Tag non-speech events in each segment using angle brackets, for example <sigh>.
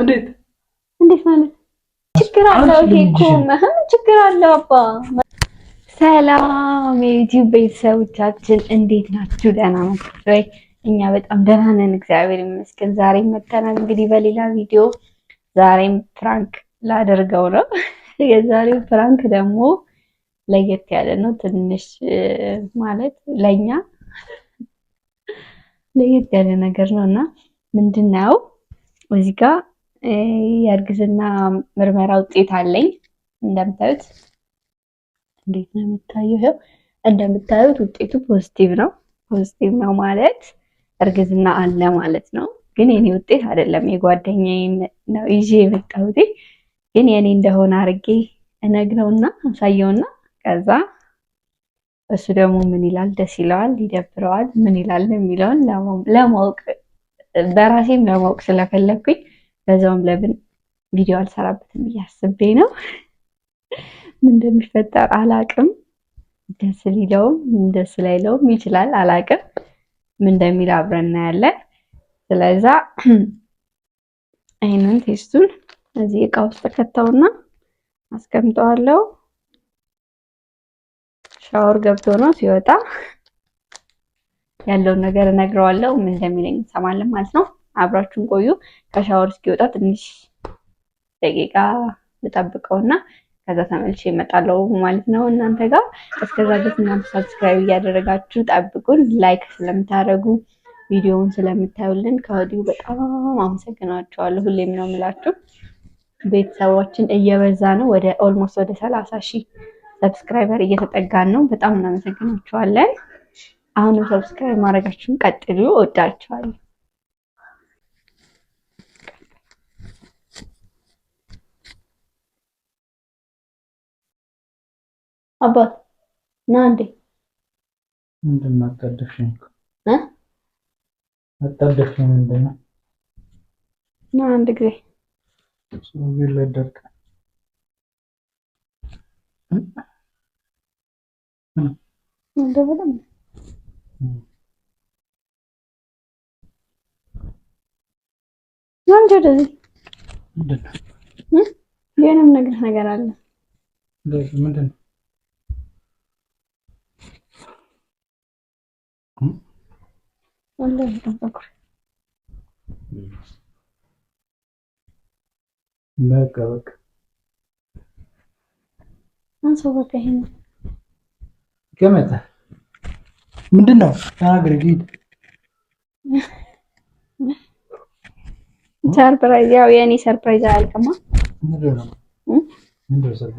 እንዴት እንዴት ማለት ችግር አለው? ይሄ እኮ ምን ችግር አለው? አባ ሰላም የዩቲዩብ ቤተሰቦቻችን እንዴት ናችሁ? ደህና ናችሁ ወይ? እኛ በጣም ደህና ነን፣ እግዚአብሔር ይመስገን። ዛሬ መተናል እንግዲህ በሌላ ቪዲዮ ዛሬም ፕራንክ ላደርገው ነው። <laughs> የዛሬው ፕራንክ ደግሞ ለየት ያለ ነው ትንሽ ማለት ለኛ <laughs> ለየት ያለ ነገር ነው እና ምንድነው እዚህ ጋር የእርግዝና ምርመራ ውጤት አለኝ። እንደምታዩት እንዴት ነው የሚታየው? ይኸው እንደምታዩት ውጤቱ ፖዚቲቭ ነው። ፖዚቲቭ ነው ማለት እርግዝና አለ ማለት ነው። ግን የኔ ውጤት አይደለም፣ የጓደኛዬን ነው ይዤ የመጣሁት። ግን የኔ እንደሆነ አርጌ እነግረውና አሳየውና ከዛ እሱ ደግሞ ምን ይላል? ደስ ይለዋል? ይደብረዋል? ምን ይላል የሚለውን ለማወቅ በራሴም ለማወቅ ስለፈለግኩኝ በዛውም ለምን ቪዲዮ አልሰራበትም እያስቤ ነው። ምን እንደሚፈጠር አላቅም። ደስ ሊለውም ደስ ላይለውም ይችላል፣ አላቅም። ምን እንደሚል አብረን እናያለን። ስለዛ ይህንን ቴስቱን እዚህ እቃ ውስጥ ከተውና አስቀምጠዋለው። ሻወር ገብቶ ነው ሲወጣ ያለውን ነገር እነግረዋለው። ምን እንደሚለኝ እንሰማለን ማለት ነው። አብራችሁን ቆዩ። ከሻወር እስኪወጣ ትንሽ ደቂቃ ልጠብቀውና ከዛ ተመልሼ እመጣለሁ ማለት ነው እናንተ ጋር። እስከዛ ድረስ እናንተ ሰብስክራይብ እያደረጋችሁ ጠብቁን። ላይክ ስለምታደርጉ ቪዲዮውን ስለምታዩልን ከወዲሁ በጣም አመሰግናችኋለሁ። ሁሌም ነው የምላችሁ ቤተሰባችን እየበዛ ነው። ወደ ኦልሞስት ወደ ሰላሳ ሺህ ሰብስክራይበር እየተጠጋን ነው። በጣም እናመሰግናችኋለን። አሁንም ሰብስክራይብ ማድረጋችሁን ቀጥሉ። እወዳችኋለሁ። አባት ና እንዴ! ምንድን ነው አጣደፍሽኝ? እ አጣደፍሽኝ ምንድን ነው? ና አንድ ጊዜ ስለዚህ እንደበለም ወደዚህ ምንድን ነው? የሆነም ነገር ነገር አለ ምንድን ነው? በቃ በቃ አንሶ በቃ ይሄን ገመተ ምንድን ነው ተናግረህ ሂድ። ሰርፕራይዝ ያው የእኔ ሰርፕራይዝ አያልቅማ።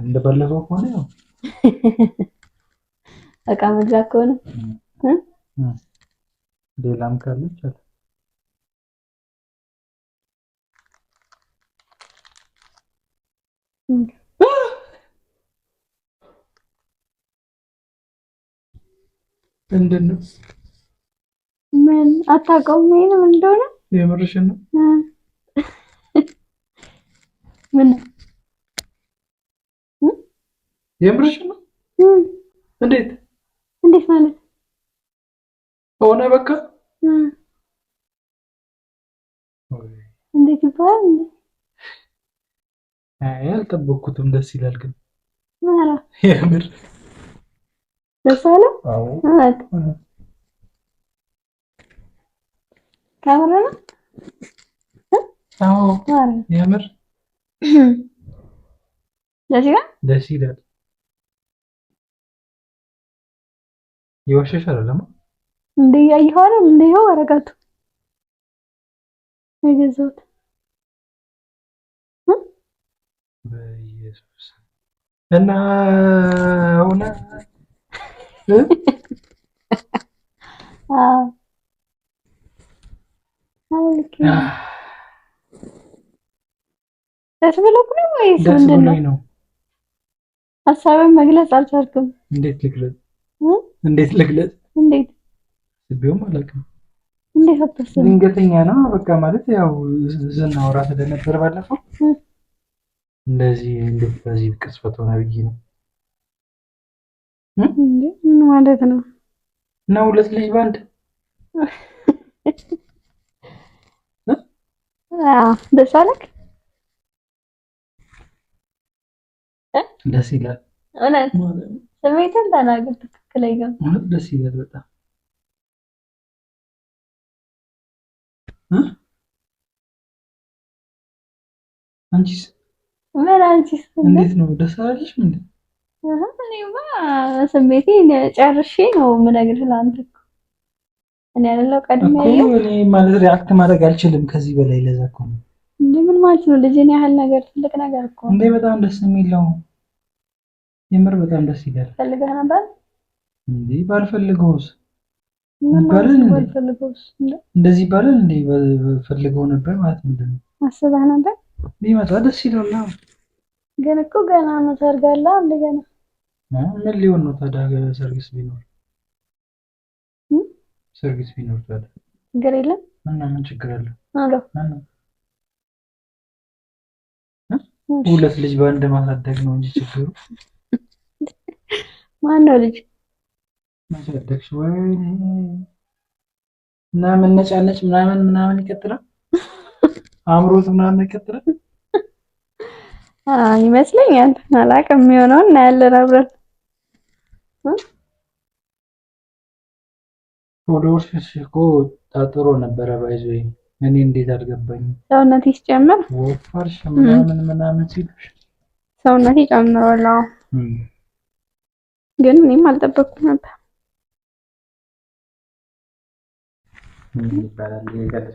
እንደባለፈው ከሆነ ያው እቃ መግዛት ከሆነ ሌላም ካለች አለ ምንድን ነው? ምን አታውቀውም? ይሄን ምን እንደሆነ የምርሽን ነው? ምን የምርሽ ነው? እንዴት እንዴት ማለት ሆነ በቃ ያልጠበኩትም ደስ ይላል ግን የምር ደስ አለ። የምር ደስ ይላል። ደስ ይላል። የዋሸሽ አይደለም እንደ ያየኸው አይደል? እንዴ ይኸው አረጋቱ የገዛሁት ኢየሱስ እና ደስ ብሎክ ነው ወይስ ምንድን ነው? ሀሳብን መግለጽ አልቻልኩም። እንዴት ልግለጽ? እንዴት ልግለጽ? እንዴት ቢሆን አላውቅም። እንዴት ድንገተኛ ነው በቃ ማለት ያው ዝናወራ ስለነበር ባለፈው እንደዚህ እንዴት በዚህ ቅጽበት ሆነ ብዬ ነው። ምን ማለት ነው? እና ሁለት ልጅ ባንድ ደስ አለህ? ደስ ይላል። እውነት ስሜትን ተናገር። ትክክለኛ እውነት ደስ ይላል በጣም አንቺስ እንዴት ነው? ደስ አላለሽ? እኔማ ስሜቴ ጨርሼ ነው የምነግርሽ። ለአንተ እኮ እኔ ቀድሜ እኔ ማለት ሪአክት ማድረግ አልችልም ከዚህ በላይ ለዛ እኮ ነው ምን ማለት ነው? ልጅን ያህል ነገር ትልቅ ነገር እኮ እንዴ! በጣም ደስ የሚለው የምር በጣም ደስ ይላል። ፈልገህ ነበር እንዴ? ባልፈልገውስ እንደዚህ እንዴ? ፈልገው ነበር ማለት ምንድን ነው? አስበህ ነበር ቢመጣ ደስ ይለውና ግን እኮ ገና ነው ሰርግ አለ። እንደገና ምን ሊሆን ነው ታዲያ? ሰርግስ ቢኖር ሰርግስ ቢኖር ታዲያ ችግር የለም እና ምን ችግር አለ? ሁለት ልጅ በአንድ ማሳደግ ነው እንጂ ችግሩ <laughs> ማን ነው ልጅ ማሳደግሽ? ወይኔ ምናምን ነጫነጭ ምናምን ምናምን ይቀጥላል <laughs> አምሮት ምናምን ነገር ይመስለኛል። አላውቅም፣ የሚሆነው እናያለን አብረን። ፎሎወርስ እኮ ታጥሮ ነበረ ባይዞ እኔ እንዴት አልገባኝም። ሰውነት ሲጨምር ወፋርሽ ምናምን ምናምን ሲሉሽ ሰውነቴ ጨምሯል። አዎ፣ ግን እኔም አልጠበቅኩም ነበር። ምን ይባላል?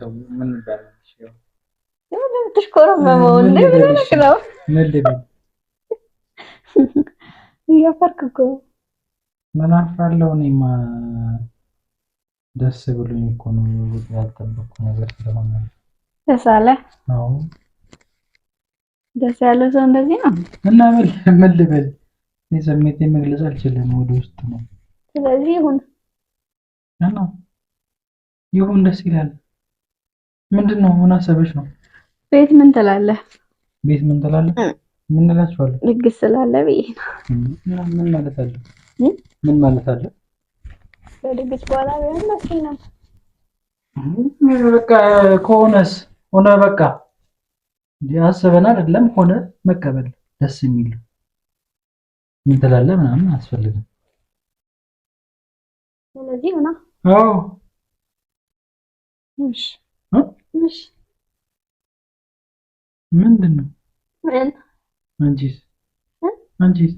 የምትሽኮረመመው እንደ ምን ሆነሽ ነው? እያፈርክ እኮ ምን አፍራለሁ? እኔማ ደስ ብሎኝ እኮ ነው። ያልጠበቅኩ ነገር ስለሆነ ደስ አለ። አዎ ደስ ያለው ሰው እንደዚህ ነው። እና ምን ልበል? እኔ ስሜቴን መግለጽ አልችልም። ወደ ውስጥ ነው። ስለዚህ ይሁን ይሁን፣ ደስ ይላል። ምንድን ነው? ምን አሰበች ነው ቤት ምን ትላለህ? ቤት ምን ትላለህ? ምን እላችኋለሁ? ድግስ ስላለ ብዬ ነው። ምን ማለት አለ? ምን ማለት አለ? ከድግስ በኋላ ቢሆን ደስ ይላል። በቃ ከሆነስ ሆነ በቃ አስበን አይደለም ሆነ መቀበል ደስ የሚል ምን ትላለህ ምናምን አያስፈልግም። ስለዚህ ሆና አዎ እሺ እሺ ምንድን ነው? ምን? አንቺስ? አንቺስ?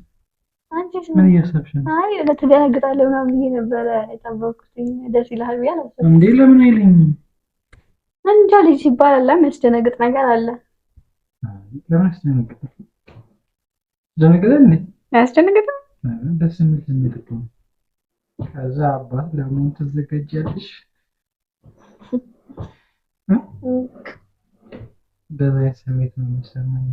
አንቺስ? ምን እያሰብሽ ነው? አይ ትደነግጣለህ ምናምን ብዬሽ ነበረ የጠበኩት። ደስ ይልሃል ብዬሽ አላሰብኩም እንዴ። ለምን አይለኝም? እንጃ ልጅ ሲባል አለ የሚያስደነግጥ ነገር አለ። ለምን አስደነግጣለሁ? ያስደነግጣል እንዴ? አያስደነግጥም? ደስ የሚል ስሜት እኮ ነው። ከዛ አባት ለመሆን ትዘጋጃለሽ? እንደዛ ስሜት ነው የሚሰማኝ።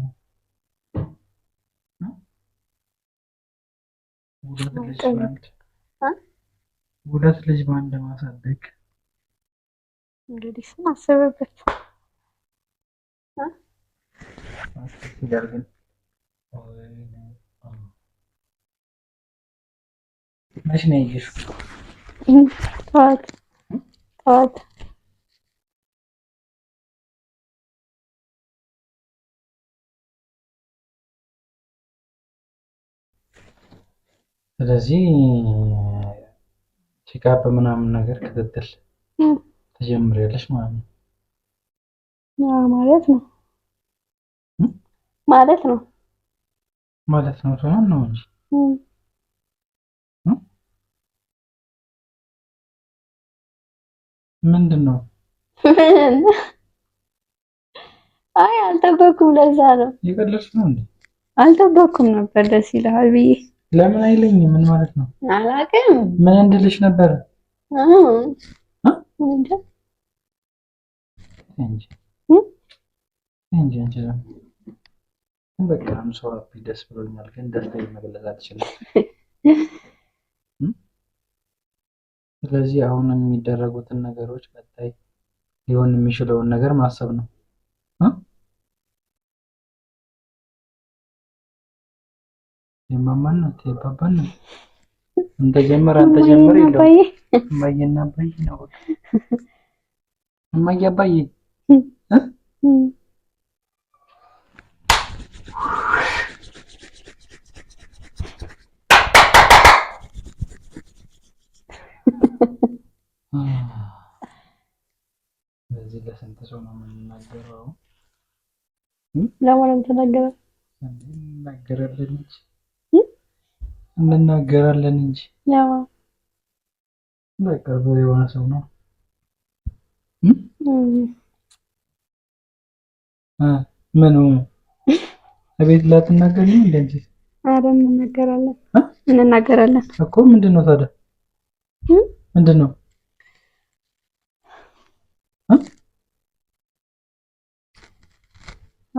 ሁለት ልጅ በአንድ ማሳደግ እንግዲህ ስናስብበት መች ነው ያየሽው? ጠዋት ጠዋት ስለዚህ ቼካፕ ምናምን ነገር ክትትል ትጀምሪያለሽ ማለት ነው ማለት ነው ማለት ነው ማለት ነው ሳይሆን ነው እንጂ ምንድን ነው? አይ አልጠበኩም። ለዛ ነው የቀለድሽ ነው እንዴ? አልጠበኩም ነበር። ደስ ይልሃል ብዬ ለምን አይለኝም? ምን ማለት ነው? አላውቅም። ምን እንድልሽ ነበረ? በቃ ምሰራፊ ደስ ብሎኛል፣ ግን ደስታ መግለጽ አልችልም። ስለዚህ አሁን የሚደረጉትን ነገሮች ቀጣይ ሊሆን የሚችለውን ነገር ማሰብ ነው። የማማናት የአባባናት አንተ ጀመር የለውም። እማዬና አባዬ ነው። እማዬ አባዬ በዚህ ለስንት ሰው ነው የምንናገረው? ለማንም ተናገረ ተናገረልን። እንናገራለን እንጂ ያው በቅርብ የሆነ ሰው ነው እ ምኑ እቤት ላትናገሪ እንደ እንጂ ኧረ እንናገራለን እንናገራለን እኮ ምንድን ነው ታዲያ ምንድን ነው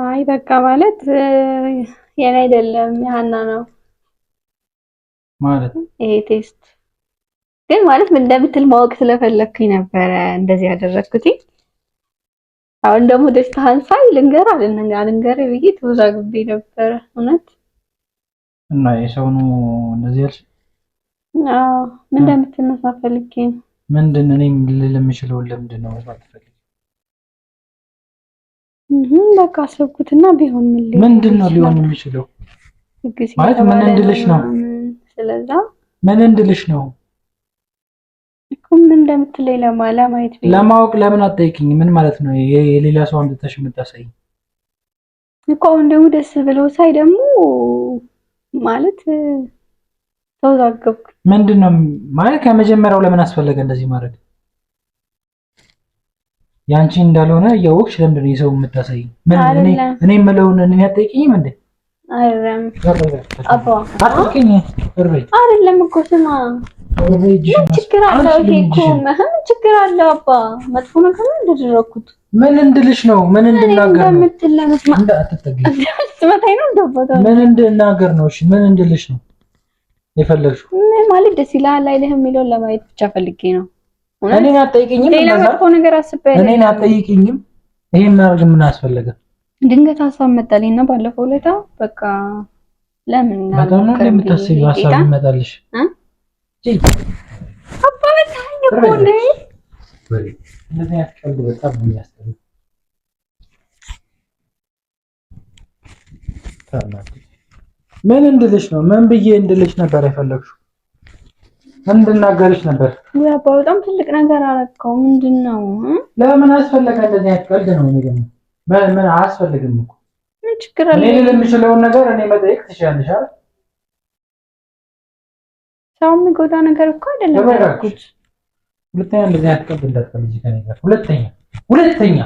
አይ በቃ ማለት የኔ አይደለም የሀና ነው ማለት ይሄ ቴስት ግን ማለት ምን እንደምትል ማወቅ ስለፈለግኩኝ ነበረ እንደዚህ ያደረግኩት። አሁን ደግሞ ደስታህን ሳይ ልንገር ልንገርህ አልንገርህ ብዬ ተወዛግቤ ነበረ እውነት። እና የሰው ነው እንደዚህ ያልሽ? አዎ ምን እንደምትል መስማት ፈልጌ ነው። ምንድን እኔም ልል የምችለውን ለምንድን ነው መስማት በቃ አሰብኩትና ቢሆን ምን ምንድን ነው ሊሆን የሚችለው ማለት ምን እንድልሽ ነው ስለዛ ምን እንድልሽ ነው እኮ ምን እንደምትለይ ለማላ ለማወቅ ለምን አጠይቅኝ ምን ማለት ነው? የሌላ ሰው አምጥተሽ የምታሳይ እኮ አሁን ደግሞ ደስ ብለው ሳይ ደግሞ ማለት ተወዛገብኩ። ምንድን ነው ማለት ከመጀመሪያው ለምን አስፈለገ እንደዚህ ማድረግ? ያንቺ እንዳልሆነ እያወቅሽ ለምንድን ነው የሰው የምታሳይ? ምን እኔ እኔ የምለውን እኔ አትጠይቅኝም እንዴ? አይደለም እኮ ስማ፣ ምን ችግር አለው? ይሄ እኮ ምን ችግር አለው? አባ መጥፎ ነገር ነው እንደደረኩት። ምን እንድልሽ ነው? ምን እንድናገር ነው? ምን እንድናገር ነው? እሺ ምን እንድልሽ ነው የፈለግሽው? ምን ማለት ደስ ይላል አይልህም የሚለውን ለማየት ብቻ ፈልጌ ነው። እኔን አትጠይቂኝም፣ እኔን አትጠይቂኝም። ይሄን ማድረግ ምን አስፈለገ? ድንገት ሀሳብ መጣልኝ እና ባለፈው ለታ በቃ ለምን እንደምታስቢው ሀሳብ ይመጣልሽ። ምን እንድልሽ ነው? ምን ብዬ እንድልሽ ነበር የፈለግሽው? እንድናገርሽ ነበር። ወይ አባ በጣም ትልቅ ነገር አረከው። ምንድን ነው? ለምን አስፈለገ? እንደዚህ ነው ቀልድ ነው። ምን አያስፈልግም እኮ ችግር አለ። እኔ የምችለውን ነገር እኔ መጠየቅ አይደል? ሰው የሚጎዳ ነገር እኮ አይደለም። ሁለተኛ እንደዚህ አትቀብላት ከልጅ ከኔ ጋር ሁለተኛ ሁለተኛ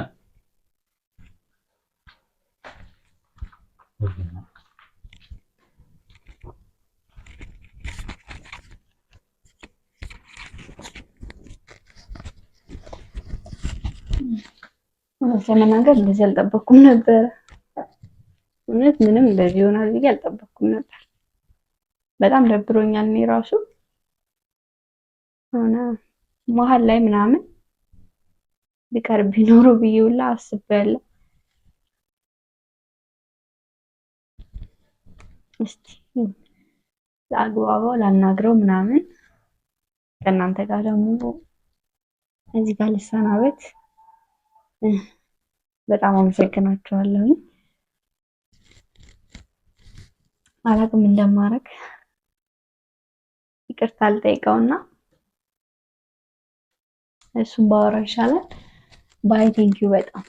እውነት ለመናገር እንደዚህ አልጠበኩም ነበረ። እውነት ምንም እንደዚህ ይሆናል ብዬ አልጠበኩም ነበር። በጣም ደብሮኛል። እኔ ራሱ ሆነ መሀል ላይ ምናምን ቢቀር ቢኖሩ ብዬ ሁላ አስቤያለሁ። እስቲ ለአግባባው ላናግረው ምናምን ከእናንተ ጋር ደግሞ እዚህ ጋር ልሰናበት። በጣም አመሰግናችኋለሁ። አላቅም እንደማረግ ይቅርታ አልጠይቀውና እሱም ባወራ ይሻላል። ባይ ቴንኪዩ በጣም